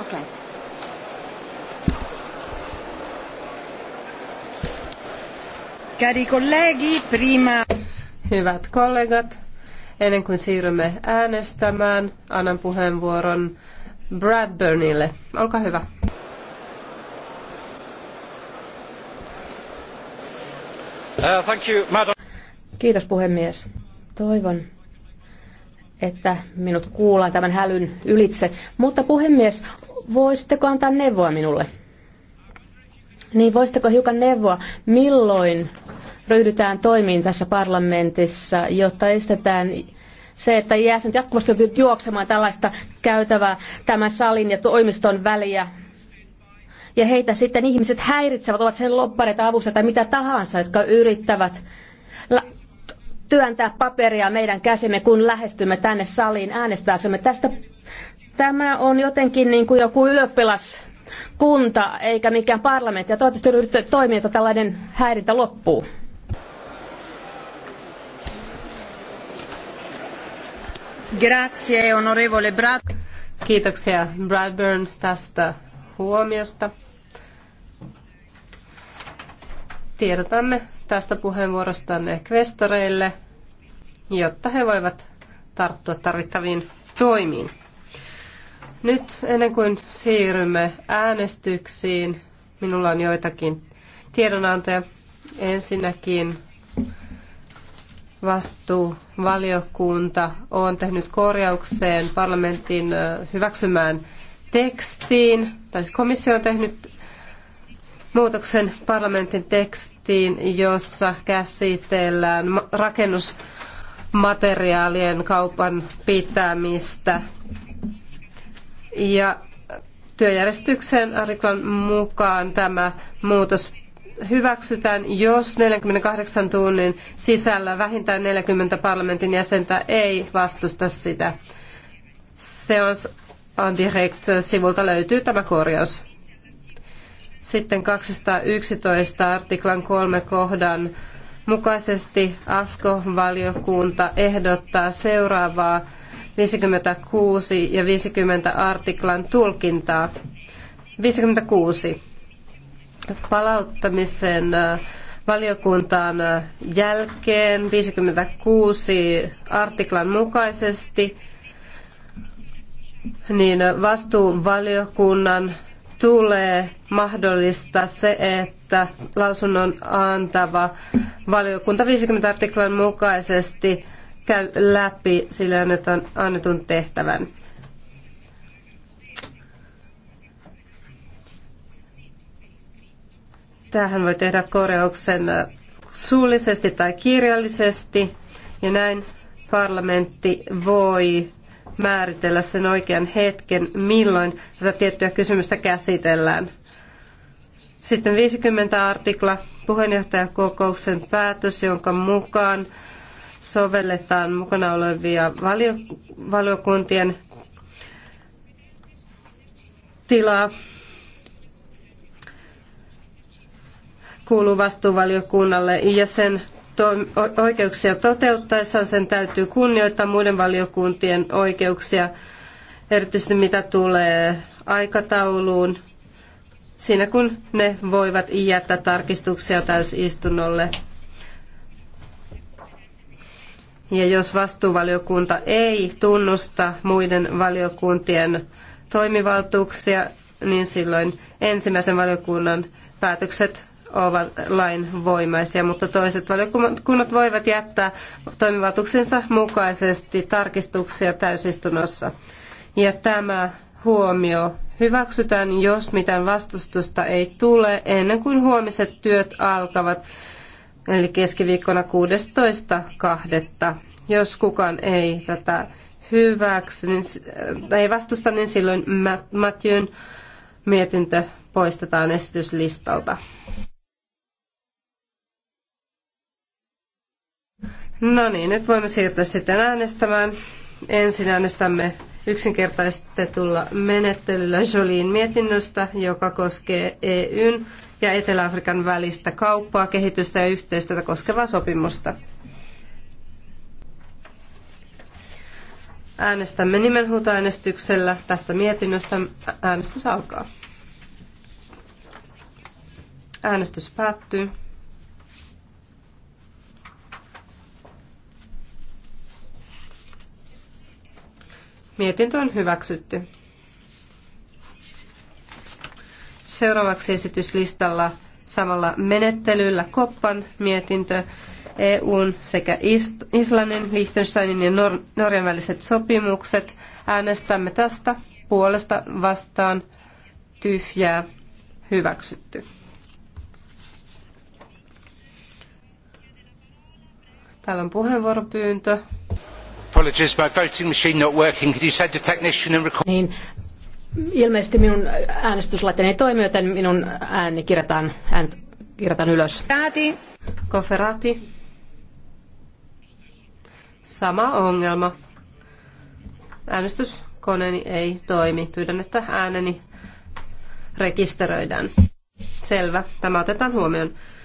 Okay. Cari colleghi, prima... Hyvät kollegat, ennen kuin siirrymme äänestämään, annan puheenvuoron Bradburnille. Olkaa hyvä. Uh, thank you, madam. Kiitos puhemies. Toivon, että minut kuullaan tämän hälyn ylitse. Mutta puhemies, voisitteko antaa neuvoa minulle? Niin voisitteko hiukan neuvoa, milloin ryhdytään toimiin tässä parlamentissa, jotta estetään se, että jäsenet jatkuvasti juoksemaan tällaista käytävää tämän salin ja toimiston väliä. Ja heitä sitten ihmiset häiritsevät, ovat sen loppareita avusta tai mitä tahansa, jotka yrittävät työntää paperia meidän käsimme, kun lähestymme tänne saliin äänestääksemme tästä. Tämä on jotenkin niin kuin joku ylioppilas kunta eikä mikään parlamentti. Ja toivottavasti ryhdytte toimia, että tällainen häirintä loppuu. Grazie, onorevole Brad. Kiitoksia Bradburn tästä huomiosta. tiedotamme tästä puheenvuorostanne kvestoreille, jotta he voivat tarttua tarvittaviin toimiin. Nyt ennen kuin siirrymme äänestyksiin, minulla on joitakin tiedonantoja. Ensinnäkin vastuuvaliokunta on tehnyt korjaukseen parlamentin hyväksymään tekstiin, tai siis komissio on tehnyt muutoksen parlamentin tekstiin, jossa käsitellään rakennusmateriaalien kaupan pitämistä. Ja työjärjestyksen artiklan mukaan tämä muutos hyväksytään, jos 48 tunnin sisällä vähintään 40 parlamentin jäsentä ei vastusta sitä. Se on direct sivulta löytyy tämä korjaus. Sitten 211 artiklan kolme kohdan mukaisesti AFKO-valiokunta ehdottaa seuraavaa 56 ja 50 artiklan tulkintaa. 56. Palauttamisen äh, valiokuntaan äh, jälkeen 56 artiklan mukaisesti niin äh, vastuuvaliokunnan tulee mahdollistaa se, että lausunnon antava valiokunta 50 artiklan mukaisesti käy läpi sille annetun tehtävän. Tähän voi tehdä korjauksen suullisesti tai kirjallisesti ja näin parlamentti voi määritellä sen oikean hetken, milloin tätä tiettyä kysymystä käsitellään. Sitten 50 artikla, puheenjohtajakokouksen päätös, jonka mukaan sovelletaan mukana olevia valio, valiokuntien tilaa kuuluu vastuuvaliokunnalle ja sen oikeuksia toteuttaessaan sen täytyy kunnioittaa muiden valiokuntien oikeuksia, erityisesti mitä tulee aikatauluun, siinä kun ne voivat jättää tarkistuksia täysistunnolle. Ja jos vastuuvaliokunta ei tunnusta muiden valiokuntien toimivaltuuksia, niin silloin ensimmäisen valiokunnan päätökset ovat lainvoimaisia, mutta toiset valiokunnat voivat jättää toimivaltuuksensa mukaisesti tarkistuksia täysistunnossa. Ja tämä huomio hyväksytään, jos mitään vastustusta ei tule ennen kuin huomiset työt alkavat, eli keskiviikkona 16.2. Jos kukaan ei tätä hyväksy, niin, äh, ei vastusta, niin silloin Matthewn mietintö poistetaan esityslistalta. No niin, nyt voimme siirtyä sitten äänestämään. Ensin äänestämme yksinkertaistetulla menettelyllä Jolin mietinnöstä, joka koskee EUn ja Etelä-Afrikan välistä kauppaa, kehitystä ja yhteistyötä koskevaa sopimusta. Äänestämme nimenhuutoäänestyksellä tästä mietinnöstä. Äänestys alkaa. Äänestys päättyy. Mietintö on hyväksytty. Seuraavaksi esityslistalla samalla menettelyllä Koppan mietintö EUn sekä Islannin, Liechtensteinin ja Nor- Norjan väliset sopimukset. Äänestämme tästä puolesta vastaan tyhjää hyväksytty. Täällä on puheenvuoropyyntö. Apologies, my voting machine not working. Could you send a technician and record? Niin, ilmeisesti minun äänestyslaitteeni ei toimi, joten minun ääni kirjataan, ään, kirjataan ylös. Pääti. Koferati. Sama ongelma. Äänestyskoneeni ei toimi. Pyydän, että ääneni rekisteröidään. Selvä. Tämä otetaan huomioon.